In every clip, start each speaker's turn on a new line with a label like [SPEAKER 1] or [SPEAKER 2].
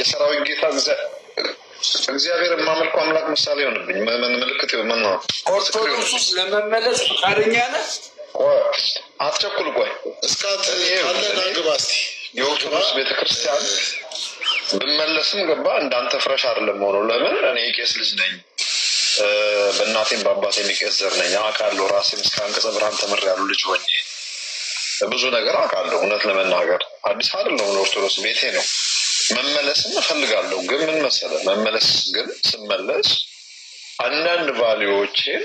[SPEAKER 1] የሰራዊት ጌታ እግዚአብሔር የማመልኩ አምላክ ምሳሌ ሆንብኝ ምን ምልክት ምን ነው? ኦርቶዶክስ ውስጥ ለመመለስ ፈቃደኛ ነህ? አትቸኩል፣ ቆይ እስካት አለን የኦርቶዶክስ ቤተክርስቲያን ብመለስም ገባ እንዳንተ ፍረሽ አይደለም ሆኖ ለምን እኔ የቄስ ልጅ ነኝ በእናቴም በአባቴም የቄስ ዘር ነኝ አውቃለሁ። ራሴም እስከ አንቀጸ ብርሃን ተምር ያሉ ልጅ ሆኜ ብዙ ነገር አውቃለሁ። እውነት ለመናገር አዲስ አይደለም ኦርቶዶክስ ቤቴ ነው። መመለስን እፈልጋለሁ። ግን ምን መሰለህ መመለስ ግን ስመለስ አንዳንድ ቫሊዎቼን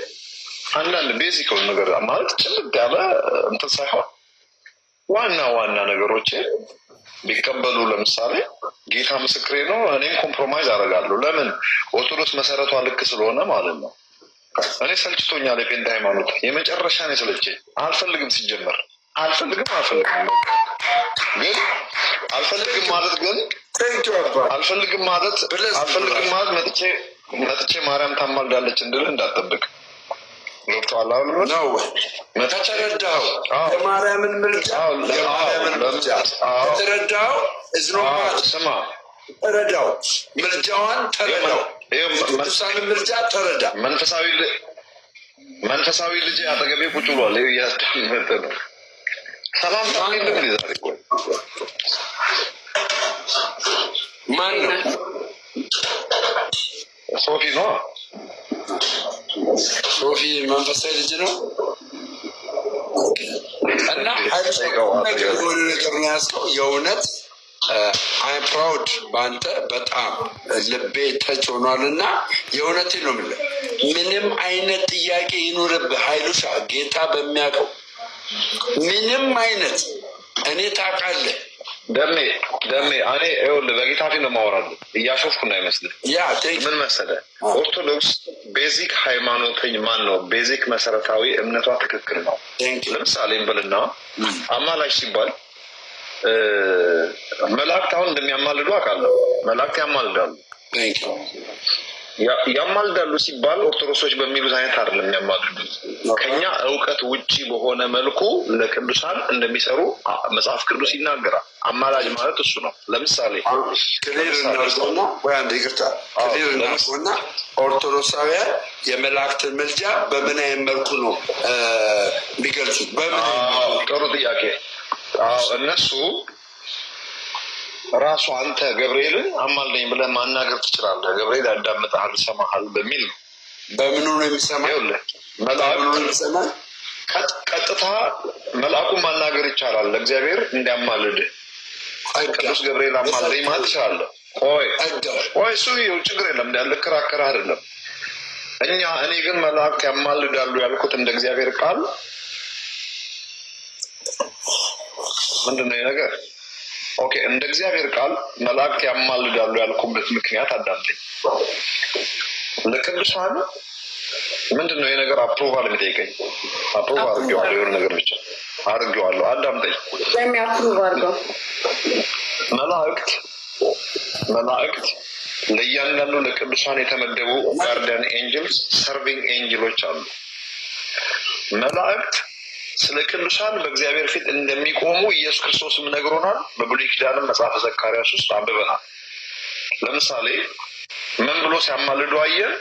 [SPEAKER 1] አንዳንድ ቤዚክ ነገር ማለት ጭልቅ ያለ እንትን ሳይሆን ዋና ዋና ነገሮችን ቢቀበሉ ለምሳሌ ጌታ ምስክሬ ነው። እኔም ኮምፕሮማይዝ አደርጋለሁ። ለምን ኦርቶዶክስ መሰረቷ ልክ ስለሆነ ማለት ነው። እኔ ሰልችቶኛል። የፔንት ሃይማኖት የመጨረሻ ነው የሰለቸኝ። አልፈልግም ሲጀመር አልፈልግም አልፈልግም ግን አልፈልግም ማለት ግን አልፈልግም ማለት አልፈልግም ማለት መጥቼ መጥቼ ማርያም ታማልዳለች እንድል እንዳጠብቅ ገብቶሃል አሁን ነው ከተረዳኸው የማርያምን ምልጃ የማርያምን ምልጃ ከተረዳኸው እዝኖባት ስማ ተረዳው ምልጃዋን ተረዳው ቅዱሳንን ምልጃ ተረዳ መንፈሳዊ መንፈሳዊ ልጅ አጠገቤ ቁጭ ብሏል ያዳመጠ ነው ሰላም ታሚ እንደምን ዛሬ ቆይ ማን ነው? ሶፊ ነው። ሶፊ መንፈሳዊ ልጅ ነው እና የሆነ ነገር ነው ያዝከው። የእውነት አይም ፕራውድ በአንተ በጣም ልቤ ተች ሆኗል እና የእውነት ነው የምልህ። ምንም አይነት ጥያቄ ይኑርብህ ሀይሉሻ ጌታ በሚያውቀው ምንም አይነት እኔ ታውቃለህ ደሜ ደሜ እኔ ይኸውልህ በጌታ ፊት ነው የማወራለሁ። እያሾፍኩ ነው አይመስልህ። ምን መሰለህ ኦርቶዶክስ ቤዚክ ሃይማኖተኝ ማን ነው? ቤዚክ መሰረታዊ እምነቷ ትክክል ነው። ለምሳሌ ብልና አማላጅ ሲባል መላእክት አሁን እንደሚያማልዱ አውቃለሁ። መላእክት ያማልዳሉ። ያማልዳሉ ሲባል ኦርቶዶክሶች በሚሉት አይነት አይደለም የሚያማልዱት። ከኛ እውቀት ውጭ በሆነ መልኩ ለቅዱሳን እንደሚሰሩ መጽሐፍ ቅዱስ ይናገራል። አማላጅ ማለት እሱ ነው። ለምሳሌ ክሊር እናርገውና ኦርቶዶክሳውያን የመላእክትን ምልጃ በምን አይነት መልኩ ነው የሚገልጹት? በምን ጥሩ ጥያቄ እነሱ ራሱ አንተ ገብርኤል አማልደኝ ብለህ ማናገር ትችላለህ። ገብርኤል ያዳምጠሃል፣ ይሰማሃል በሚል ነው። በምኑ ነው የሚሰማ? ቀጥታ መልአኩን ማናገር ይቻላል። ለእግዚአብሔር እንዲያማልድ ቅዱስ ገብርኤል አማልደኝ ማለት ትችላለህ። ቆይ ቆይ፣ እሱ ይኸው ችግር የለም ልከራከርህ አይደለም። እኛ እኔ ግን መላእክት ያማልዳሉ ያልኩት እንደ እግዚአብሔር ቃል ምንድን ነገር ኦኬ እንደ እግዚአብሔር ቃል መላእክት ያማልዳሉ ያልኩበት ምክንያት አዳምጠኝ። ለቅዱሳን ምንድን ነው የነገር አፕሮቫል የሚጠይቀኝ? አፕሮቭ አድርጌዋለሁ፣ የሆነ ነገር ብቻ አድርጌዋለሁ። አዳምጠኝ። መላእክት መላእክት ለእያንዳንዱ ለቅዱሳን የተመደቡ ጋርዲያን ኤንጅልስ ሰርቪንግ ኤንጅሎች አሉ። መላእክት ስለ ቅዱሳን በእግዚአብሔር ፊት እንደሚቆሙ ኢየሱስ ክርስቶስም ነግሮናል። በብሉይ ኪዳንም መጽሐፈ ዘካርያስ ውስጥ አንብበናል። ለምሳሌ ምን ብሎ ሲያማልዱ አየን?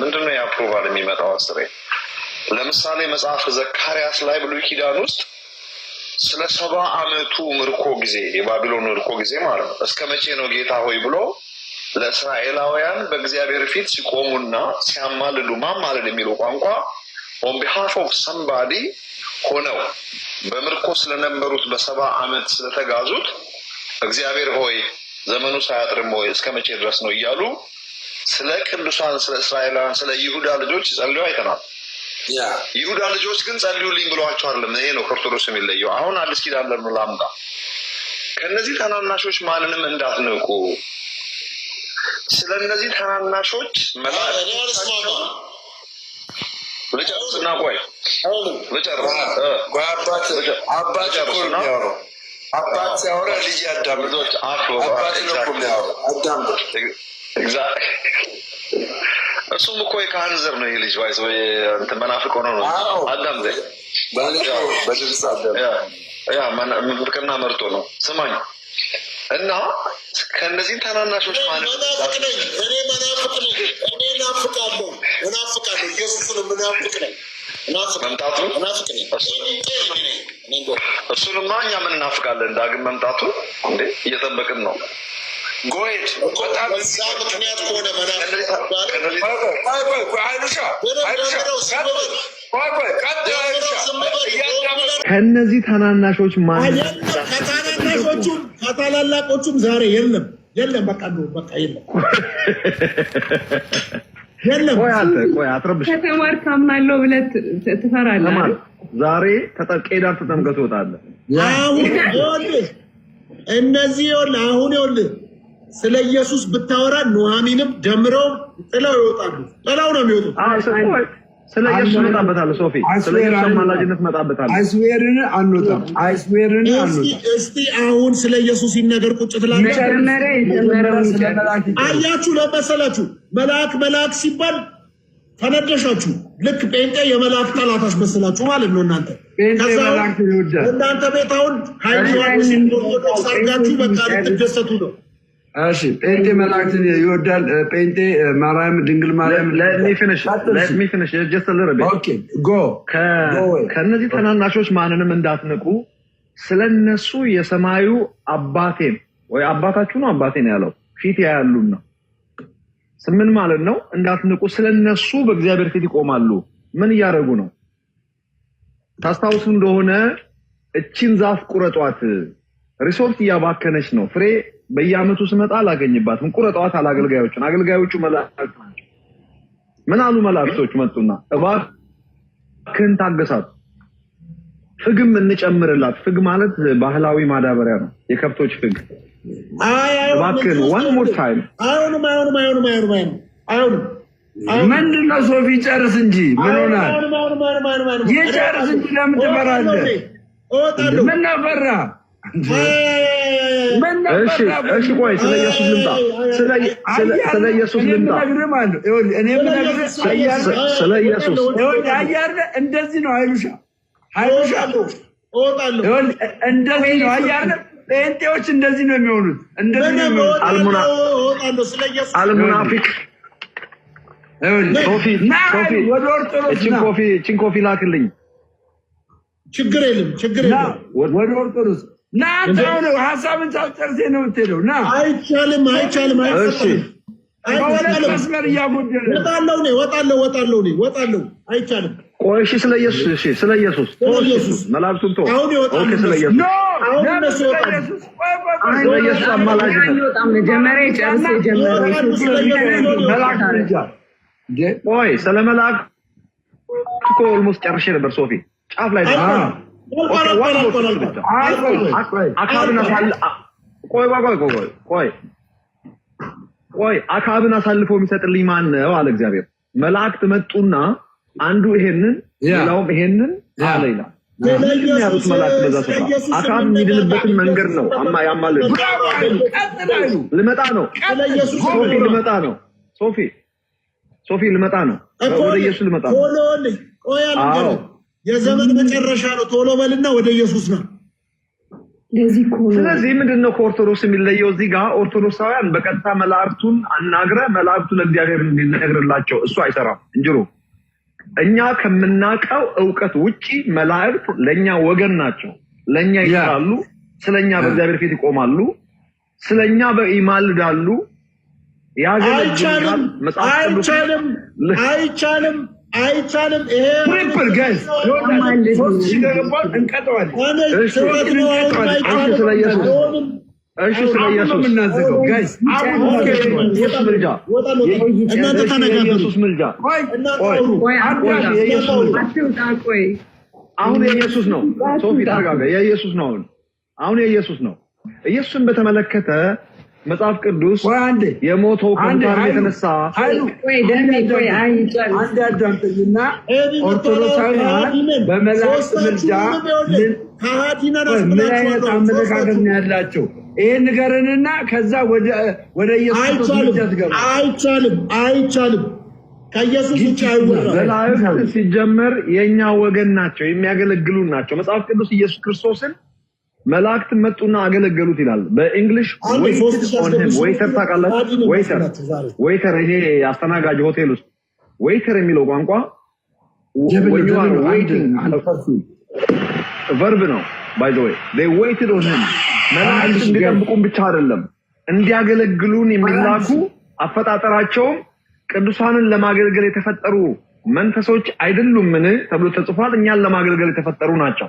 [SPEAKER 1] ምንድነው የአፕሮቫል የሚመጣው አስሬ ለምሳሌ መጽሐፈ ዘካርያስ ላይ ብሉይ ኪዳን ውስጥ ስለ ሰባ አመቱ ምርኮ ጊዜ የባቢሎን ምርኮ ጊዜ ማለት ነው። እስከ መቼ ነው ጌታ ሆይ ብሎ ለእስራኤላውያን በእግዚአብሔር ፊት ሲቆሙና ሲያማልዱ ማማልድ የሚለው ቋንቋ ኦን ቢሃፍ ኦፍ ሰምባዲ ሆነው በምርኮ ስለነበሩት በሰባ ዓመት ስለተጋዙት እግዚአብሔር ሆይ ዘመኑ ሳያጥርም ወይ እስከ መቼ ድረስ ነው እያሉ ስለ ቅዱሳን፣ ስለ እስራኤላውያን፣ ስለ ይሁዳ ልጆች ጸልዩ አይተናል። ይሁዳ ልጆች ግን ጸልዩልኝ ብለዋቸው አይደለም። ይሄ ነው ከኦርቶዶክስ የሚለየው። አሁን አዲስ ኪዳን ለምኑ ላምጣ። ከእነዚህ ታናናሾች ማንንም እንዳትንቁ። ስለ እነዚህ ታናናሾች መላ ልጨርስና ቆይ ልጨርስ። አባት አባት ሲያወራ ልጅ ያዳም አባት ነው እኮ የሚያወራው እሱም እኮ የካህን ዘር ነው። የልጅ ዋይስ ወይ መናፍቅ ሆኖ ነው አዳም ዘ ምንፍቅና መርጦ ነው። ስማኝ እና ከእነዚህም ታናናሾች ማለት መናፍቅ እኔ መናፍቅ ነኝ እኔ እናፍቃለሁ እናፍቃለሁ ኢየሱስን ምናፍቅ ነኝ እናፍቃለን። ዳግም መምጣቱ እንዴ እየጠበቅን ነው። ጎይድ ከእነዚህ ታናናሾች ማለት ከታላላቆቹም ዛሬ የለም የለም። በቃ ነው በቃ የለም ከተማርክ አምናለሁ ብለህ ትፈራለህ። ዛሬ ቄዳር ተጠምቀህ ትወጣለህ። አሁን ይኸውልህ እነዚህ ይኸውልህ አሁን ይኸውልህ ስለ ኢየሱስ ብታወራ ኑሐሚንም ደምረው ጥለው ይወጣሉ። ጥለው ነው የሚወጡት። ስለ ኢየሱስ እመጣበታለሁ። ሶፊ ስለ ኢየሱስ አማላጅነት እመጣበታለሁ። አይስዌርን አንወጣም። አይስዌርን አንወጣም። እስቲ አሁን ስለ ኢየሱስ ይነገር ቁጭ ትላለህ። አያችሁ ለመሰላችሁ መልአክ መልአክ ሲባል ተነደሻችሁ። ልክ ጴንጤ የመልአክ ጠላት አስመስላችሁ ማለት ነው። እናንተ እናንተ ቤት አሁን ሀይሊ ዮሐንስ ኦርቶዶክስ አድርጋችሁ በቃ ልትደሰቱ ነው። እሺ ጴንጤ መላእክትን ይወዳል። ጴንጤ ማርያም፣ ድንግል ማርያም ከእነዚህ ተናናሾች ማንንም እንዳትንቁ። ስለነሱ የሰማዩ አባቴን ወይ አባታችሁ ነው አባቴን ያለው ፊት ያያሉን ነው። ስምን ማለት ነው? እንዳትንቁ ስለነሱ በእግዚአብሔር ፊት ይቆማሉ። ምን እያደረጉ ነው? ታስታውሱ እንደሆነ እቺን ዛፍ ቁረጧት። ሪሶርት እያባከነች ነው ፍሬ በየአመቱ ስመጣ አላገኝባትም። ቁረጠዋት አለ አገልጋዮቹ መላእክት ናቸው። ምን አሉ መላእክቶች? መጡና እባክህን ታገሳት፣ ፍግም እንጨምርላት። ፍግ ማለት ባህላዊ ማዳበሪያ ነው፣ የከብቶች ፍግ። እባክህን ዋን ሞር ታይም። አይሆንም፣ አይሆንም፣ አይሆንም፣ አይሆንም፣ አይሆንም። ምንድን ነው ሶፊ? ጨርስ እንጂ ምን ሆናል? ይህ ጨርስ እንጂ ለምን ትፈራለህ? ምን አፈራ her şey her şey كويس انا ياسوس نمتع سلا سلا ياسوس نمتع እኔ ስለ ኢየሱስ አየር እንደዚህ ነው። ሀይሉሻ ሀይሉሻ እንደዚህ ነው። አየር ጴንጤዎች እንደዚህ ነው የሚሆኑት። እንደዚህ ነው የሚሆኑት። አልሙናፊቅ ወደ ኦርቶዶክስ ና። እችን ኮፊ ላክልኝ። ችግር የለም ችግር የለም ወደ ኦርቶዶክስ ና ያንተው ነው ሀሳብን ጨርሴ ነው የምትሄደው። ና አይቻልም፣ አይቻልም፣ አይቻልም። በሁለት መስመር እያጎደለ ወጣለሁ እኔ ወጣለሁ፣ ወጣለሁ እኔ ወጣለሁ። አይቻልም። ቆይ እሺ፣ ስለ ኢየሱስ ስለ ኢየሱስ መላእክቱን ተወው። ኦኬ፣ ስለ ስለ መላእክት እኮ ኦልሞስት ጨርሼ ነበር። ሶፊ ጫፍ ላይ ቆይ አካብን አሳልፎ የሚሰጥልኝ ማን ነው አለ እግዚአብሔር። መላእክት መጡና አንዱ ይሄንን ሌላውም ይሄንን አለ ይላል። አካብ የሚድንበትን መንገድ ነው ያማል። ልመጣ ነው ሶፊ፣ ልመጣ ነው ሶፊ፣ ሶፊ፣ ልመጣ ነው ወደ ኢየሱስ ልመጣ ነው። የዘመን መጨረሻ ነው። ቶሎ በልና ወደ ኢየሱስ ነው። ስለዚህ ምንድን ነው ከኦርቶዶክስ የሚለየው? እዚህ ጋር ኦርቶዶክሳውያን በቀጥታ መላእክቱን አናግረ መላእክቱ ለእግዚአብሔር እንዲነግርላቸው እሱ አይሰራም እንጅሩ እኛ ከምናውቀው እውቀት ውጭ መላእክት ለእኛ ወገን ናቸው። ለእኛ ይሰራሉ፣ ስለኛ በእግዚአብሔር ፊት ይቆማሉ፣ ስለኛ ይማልዳሉ። አይቻልም አይቻልም አይቻልም። ይሄ ትሪፕል ስለ አሁን የኢየሱስ ነው። ሶፊ ተረጋጋ። የኢየሱስ ነው። አሁን የኢየሱስ ነው። ኢየሱስን በተመለከተ መጽሐፍ ቅዱስ የሞተው ከሙታን የተነሳ አንድ አዳምጠኝና ኦርቶዶክሳዊ በመላእክት ምልጃ ምን አይነት አመለካከት ነው ያላቸው? ይህን ንገርንና ከዛ ወደ ኢየሱስ አይቻልም፣ አይቻልም። ከኢየሱስ ውጭ መላእክት ሲጀመር የእኛ ወገን ናቸው፣ የሚያገለግሉን ናቸው። መጽሐፍ ቅዱስ ኢየሱስ ክርስቶስን መላእክት መጡና አገለገሉት ይላል በእንግሊሽ ወይተር ታውቃላችሁ ወይተር ወይተር ይሄ አስተናጋጅ ሆቴል ውስጥ ወይተር የሚለው ቋንቋ ቨርብ ነው ባይ ዘ ወይ ወይትድ ኦን ሂም መላእክት እንዲጠብቁን ብቻ አይደለም እንዲያገለግሉን የሚላኩ አፈጣጠራቸውም ቅዱሳንን ለማገልገል የተፈጠሩ መንፈሶች አይደሉምን ተብሎ ተጽፏል እኛን ለማገልገል የተፈጠሩ ናቸው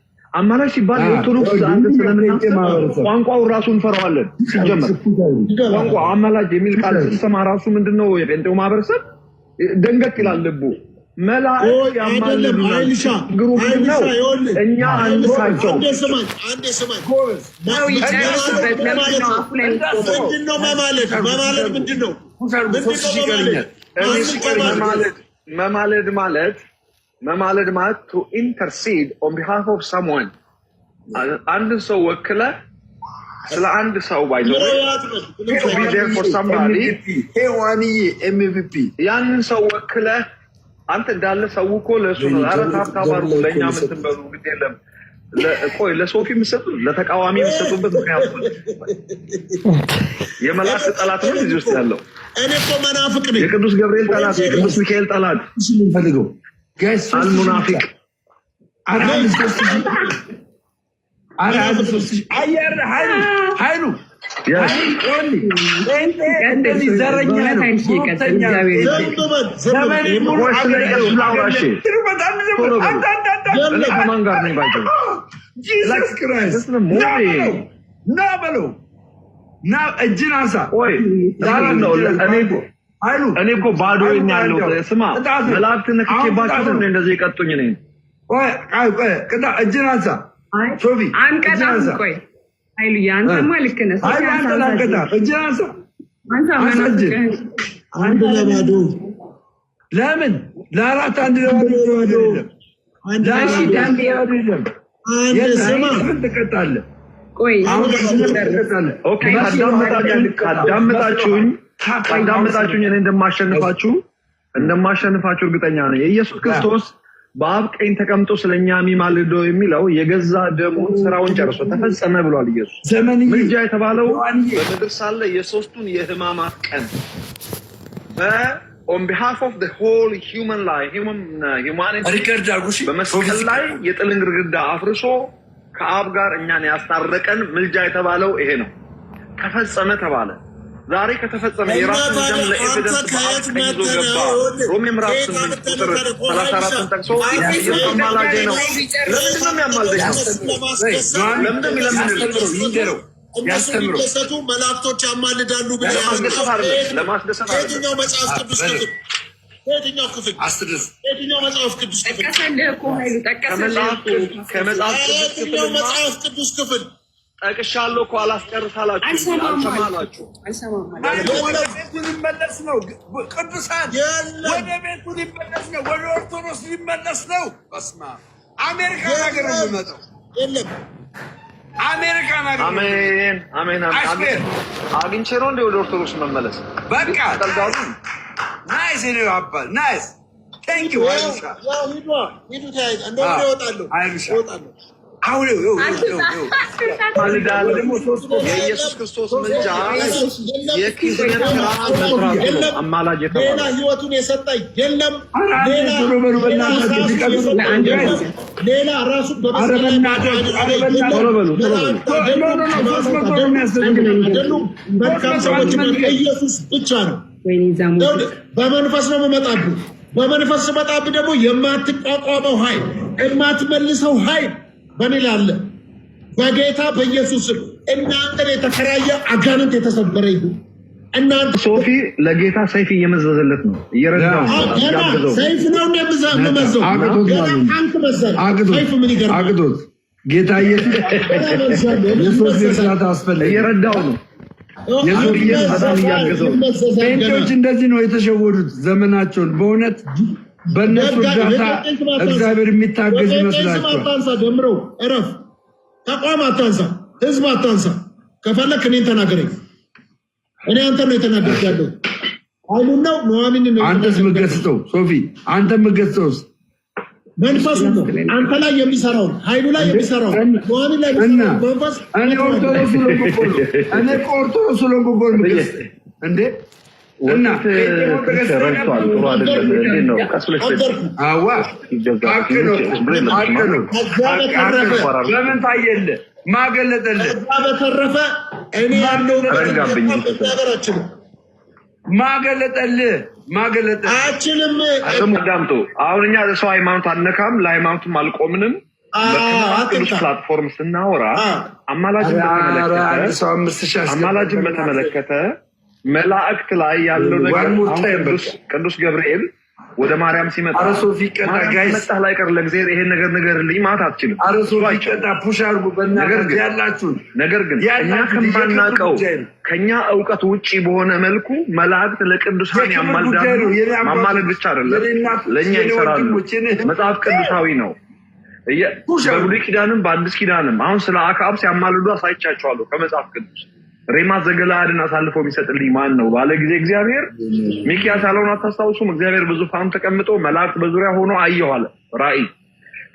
[SPEAKER 1] አማራጭ ሲባል የኦርቶዶክስ አንድ ስለምና ቋንቋውን ራሱ እንፈራዋለን። ሲጀመር ቋንቋ አማላጭ የሚል ቃል ስትሰማ ራሱ ምንድነው የጴንጤው ማህበረሰብ ደንገት ይላል ልቡ። መላእክት መማለድ ማለት መማለድ ማለት ቱ ኢንተርሲድ ኦን ቢሃፍ ኦፍ ሰምዋን አንድ ሰው ወክለ ስለ አንድ ሰው ባይዘዋንዬ ኤምቪፒ ያንን ሰው ወክለ አንተ እንዳለ ሰው እኮ ለእሱ ኧረ ታብታባሩ ለእኛ ምትበሉ ግድ የለም። ቆይ ለሶፊ የምሰጡ ለተቃዋሚ የምሰጡበት ምክንያቱ የመላእክት ጠላት ነው እዚህ ውስጥ ያለው። እኔ እኮ መናፍቅ ነኝ። የቅዱስ ገብርኤል ጠላት፣ የቅዱስ ሚካኤል ጠላት ፈልገው አልሙናፊቅ ኃይሉ ና በለው ና እጅን አንሳ አይሉ እኔ እኮ ባዶ ያለው ስማ፣ መላእክት ነክቼባቸው ነው እንደዚህ የቀጡኝ ነኝ። እጅን አንሳ ሶፊ፣ አንቀጣም። ቆይ አይሉ አንተማ ልክ ነህ። አንድ ለባዶ ለምን ለአራት አንድ ለባዶ አዳምጣችሁኝ ካዳመጣችሁኝ እኔ እንደማሸንፋችሁ እንደማሸንፋችሁ እርግጠኛ ነኝ። የኢየሱስ ክርስቶስ በአብ ቀኝ ተቀምጦ ስለኛ የሚማልዶ የሚለው የገዛ ደሙን ስራውን ጨርሶ ተፈጸመ ብሏል። ኢየሱስ ምልጃ የተባለው በምድር ሳለ የሶስቱን የህማማት ቀን ኦን ቢሃፍ ኦፍ ሆል በመስቀል ላይ የጥልን ግድግዳ አፍርሶ ከአብ ጋር እኛን ያስታረቀን ምልጃ የተባለው ይሄ ነው። ተፈጸመ ተባለ። ዛሬ ከተፈጸመ የራሱን ደም ለኤቪደንስ በአፍ ቀይዞ ገባ። ሮሜ ምዕራፍ ስምንት ቁጥር ሰላሳ አራትን ጠቅሶ ኢየሱስ ነው። ለምንድን ነው የሚያማልደኝ? ለምንድን ነው የሚለምንልኝ? ይንገረው ያስተምረው። መላእክቶች ያማልዳሉ ብለህ ለማስደሰት መጽሐፍ ቅዱስ ክፍል? የትኛው ክፍል? የትኛው መጽሐፍ ቅዱስ ክፍል? ከመጽሐፍ ቅዱስ ክፍል ጠቅሻለሁ እኮ አላስጨርሳላችሁ። አልሰማማላችሁ ሊመለስ ነው። ቅዱሳን ወደ ቤቱ ሊመለስ ነው። ወደ ኦርቶዶክስ ሊመለስ ነው። በስመ አብ ሀገር የሚመጣው። የለም አሜሪካን አሜን፣ አሜን፣ አሜን። አግኝቼ ነው እንደ ወደ ኦርቶዶክስ መመለስ። በቃ ናይስ ነው አባል ናይስ። ቴንክ ዩ ሂዱ፣ ሂዱ። ተያይዘ አሁን የኢየሱስ ክርስቶስ ምልጃ የኪዝነት አማላጅ ሌላ ህይወቱን የሰጠ የለም። ሌላ ራሱ መልካም ሰዎች ኢየሱስ ብቻ ነው። በመንፈስ ነው የምመጣብህ። በመንፈስ ስመጣብህ ደግሞ የማትቋቋመው ኃይል የማትመልሰው ኃይል በሚል አለ በጌታ በኢየሱስ እናንተን የተከራየ አጋንንት የተሰበረ ይሁን። እናንተ ሶፊ ለጌታ ሰይፍ እየመዘዘለት ነው፣ እየረዳው ሰይፍ ነው እንደምዘመዘውሰይፍ ምን ይገርማል። ጌታ የሶስት አስፈለ እየረዳው ነው። የሶፍዬ በጣም ጴንጤዎች እንደዚህ ነው የተሸወዱት ዘመናቸውን በእውነት በእነሱ እርዳታ እግዚአብሔር የሚታገዝ ይመስላቸዋል። ጀምረው እረፍ። ተቋም አታንሳ፣ ህዝብ አታንሳ። ከፈለክ እኔን ተናገረኝ። እኔ አንተ ነው የተናገርኩት ያለው አይሉን ነው ነዋሚን አንተስ ምገስጠው ሶፊ፣ አንተ የምገስጠው መንፈሱ አንተ ላይ የሚሰራውን ኃይሉ ላይ የሚሰራውን ነዋሚን ላይ መንፈስ። እኔ ኦርቶዶክስ ስለሆንኩ እኮ እኔ ኦርቶዶክስ ስለሆንኩ እኮ እንዴ በምን ታየልህ? በተረፈ እኔ ያለው አችልም አዳምጡ። አሁን እኛ ሰው ሃይማኖት አነካም፣ ለሃይማኖትም አልቆምንም። ቅዱስ ፕላትፎርም ስናወራ አማላጅን በተመለከተ መላእክት ላይ ያለው ነገር ቅዱስ ገብርኤል ወደ ማርያም ሲመጣ አረሶፊ ቀጣ ጋይስ ላይ ቀር ለእግዚአብሔር ይሄን ነገር ንገርልኝ ማለት አትችልም። አረሶፊ ቀጣ ፑሽ አድርጉ በእናትህ ያላችሁን። ነገር ግን እኛ ከማናቀው ከኛ እውቀት ውጪ በሆነ መልኩ መላእክት ለቅዱሳን ያማልዳሉ። ማማለድ ብቻ አይደለም፣ ለእኛ ይሰራሉ። መጽሐፍ ቅዱሳዊ ነው። በብሉይ ኪዳንም በአዲስ ኪዳንም አሁን ስለ አክዓብ ሲያማልዱ አሳይቻቸዋለሁ ከመጽሐፍ ቅዱስ ሬማ ዘገላድን አሳልፎ የሚሰጥልኝ ማን ነው ባለ ጊዜ እግዚአብሔር ሚኪያስ ያለውን አታስታውሱም? እግዚአብሔር በዙፋኑ ተቀምጦ መላእክት በዙሪያ ሆኖ አየኋለ ራእይ።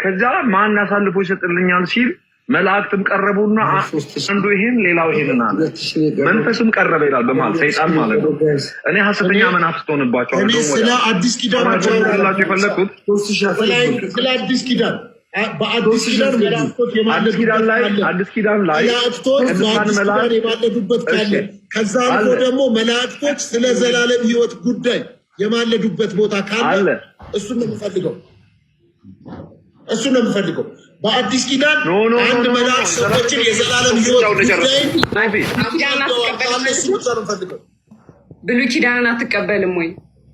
[SPEAKER 1] ከዚያ ማን አሳልፎ ይሰጥልኛል ሲል መላእክትም ቀረቡና አንዱ ይሄን ሌላው ይሄንና መንፈስም ቀረበ ይላል። በማል ሰይጣን ማለት ነው። እኔ ሀሰተኛ መናፍስት ሆንባቸዋለሁ። ስለ አዲስ ኪዳን የፈለግኩት ስለ አዲስ ኪዳን በአዲስ ኪዳን መላእክቶች የማለዱበት ካለ ከዛ አልፎ ደግሞ መላእክቶች ስለ ዘላለም ሕይወት ጉዳይ የማለዱበት ቦታ ካለ እሱን ነው የምፈልገው። እሱን ነው የምፈልገው። በአዲስ ኪዳን አንድ መልአክ ሰዎችን የዘላለም ሕይወት ጉዳይ ብሉይ ኪዳንን አትቀበልም ወይ?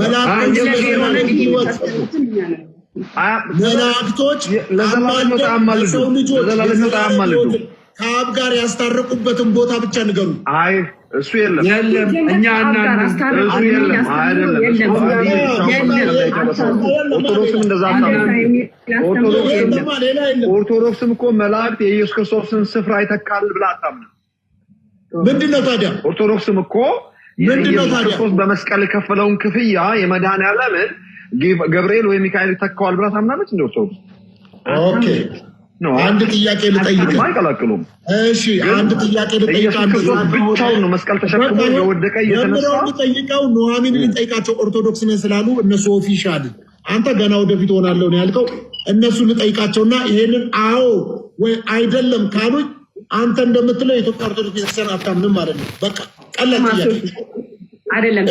[SPEAKER 1] መላእክቶች ሰው ልጆች ከአብ ጋር ያስታረቁበትን ቦታ ብቻ ንገሩ። አይ እሱ የለም፣ እኛ ኦርቶዶክስም እንደዛ ኦርቶዶክስም እኮ መላእክት የኢየሱስ ክርስቶስን ስፍራ ይተካል ብላ አታምንም። ምንድን ነው ታዲያ ኦርቶዶክስም እኮ ክርስቶስ በመስቀል የከፈለውን ክፍያ የመዳን ያለምን ገብርኤል ወይ ሚካኤል ይተካዋል ብላ ታምናለች። እንደ ኦርቶዶክስ አንድ ጥያቄ ልጠይቅህ። አይቀላቅሉም። እሺ አንድ ጥያቄ ልጠይቅህ። ነው መስቀል ተሸክሞ የወደቀ እየተነሳ ልጠይቀው። ኑሐሚን ልጠይቃቸው። ኦርቶዶክስ ነን ስላሉ እነሱ ኦፊሻል አንተ ገና ወደፊት ሆናለሁ ነው ያልከው። እነሱ ልጠይቃቸውና ይሄንን አዎ ወይ አይደለም ካሉኝ አንተ እንደምትለው የኢትዮጵያ ኦርቶዶክስ ቤተክርስቲያን አታምንም ማለት ነው። በቃ አይደለም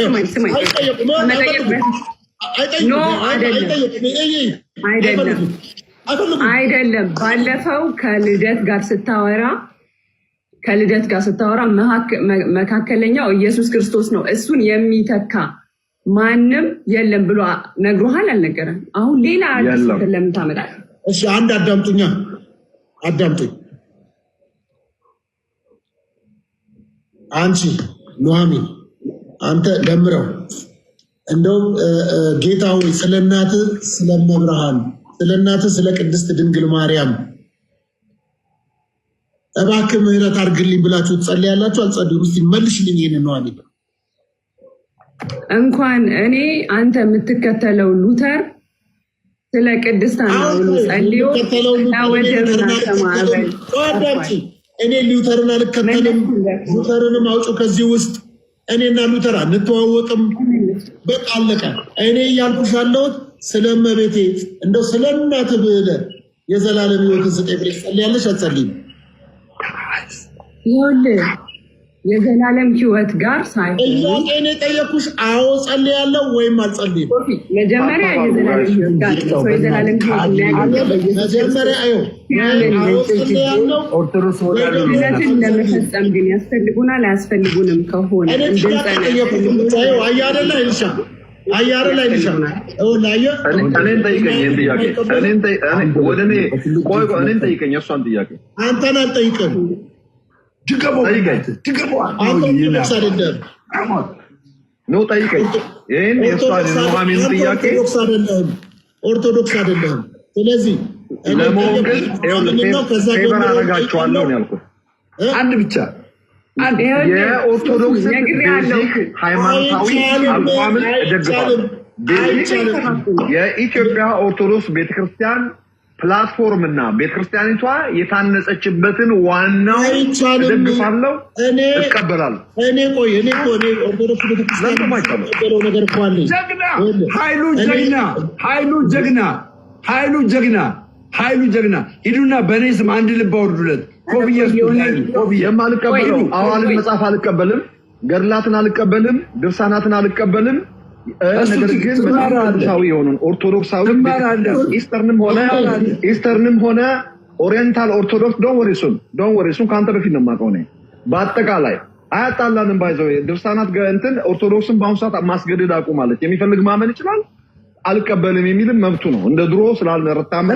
[SPEAKER 1] ባለፈው ከልደት ጋር ስታወራ ከልደት ጋር ስታወራ መካከለኛው ኢየሱስ ክርስቶስ ነው እሱን የሚተካ ማንም የለም ብሎ ነግሮሃል አልነገረም? አሁን ሌላ አዲስ ለምን ታመጣለህ? እሺ አንድ አዳምጡኛ፣ አዳምጡኝ አንቺ ኖሚ አንተ ደምረው እንደውም ጌታ ሆይ ስለ እናት ስለ መብርሃን ስለ እናት ስለ ቅድስት ድንግል ማርያም እባክህ ምሕረት አድርግልኝ ብላችሁ ትጸልያላችሁ አልጸልዩም? እስኪ መልሽልኝ። ይህን ኑሐሚን እንኳን እኔ አንተ የምትከተለው ሉተር ስለ ቅድስት አንዱ ጸልዮ ወደ ምናተ እኔ ሉተርን አልከተልም፣ ሉተርንም አውጪው ከዚህ ውስጥ እኔና ሉተር አንተዋወቅም። በቃ አለቀ። እኔ እያልኩሽ ያለሁት ስለ እመቤቴ እንደው ስለ እናት ብለህ የዘላለም ሕይወትን ስጠኝ ብለሽ ጸልያለሽ። አትጸልይም? የዘላለም ህይወት ጋር ሳይሆን ጥያቄን የጠየኩሽ አዎ ጸልያለሁ ወይም አልጸልይም። መጀመሪያ ለመፈጸም ግን ያስፈልጉናል አያስፈልጉንም ከሆነ አያደላ ይልሻ አያረ ላይ እኔን ጠይቀኝ፣ እሷን ጥያቄ አንተን አልጠይቅም። ኦርቶዶክስ አንድ ብቻ የኢትዮጵያ ኦርቶዶክስ ቤተክርስቲያን ፕላትፎርም እና ቤተክርስቲያኒቷ የታነጸችበትን ዋናው ደግፋለው ይቀበላል። እኔ ቆይ እኔ ኦርቶዶክስ ቤተክርስቲያን ነገር እኮ አለኝ። ኃይሉ ጀግና ኃይሉ ጀግና ኃይሉ ጀግና ኃይሉ ጀግና ሂዱና በእኔ ስም አንድ ልብ አውርዱለት። የማልቀበለው አዋልን መጽሐፍ አልቀበልም፣ ገድላትን አልቀበልም፣ ድርሳናትን አልቀበልም ነገር ግን ኦርቶዶክሳዊ ኢስተርንም ሆነ ኢስተርንም ሆነ ኦሪየንታል ኦርቶዶክስ ዶን ወሬ እሱን ዶን ወሬ ከአንተ በፊት ነው የማውቀው እኔ በአጠቃላይ አያጣላንም ባይዘ ድርሳናት እንትን ኦርቶዶክስን በአሁኑ ሰዓት ማስገደድ ማለት የሚፈልግ ማመን ይችላል። አልቀበልም የሚልም መብቱ ነው። እንደ ድሮ ስላልረታመ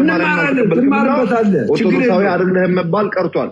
[SPEAKER 1] ኦርቶዶክሳዊ አደለህ መባል ቀርቷል።